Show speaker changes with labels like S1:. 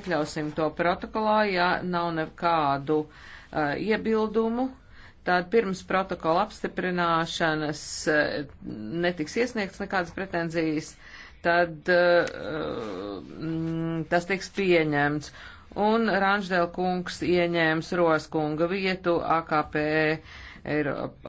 S1: iekļausim to protokolā, ja nav nekādu uh, iebildumu. Tātad pirms protokola apstiprināšanas uh, netiks iesniegts nekādas pretenzijas, tad uh, mm, tas tiks pieņemts. Un Rāņģdēl kungs ieņēms Roskunga vietu AKP
S2: Eiropā.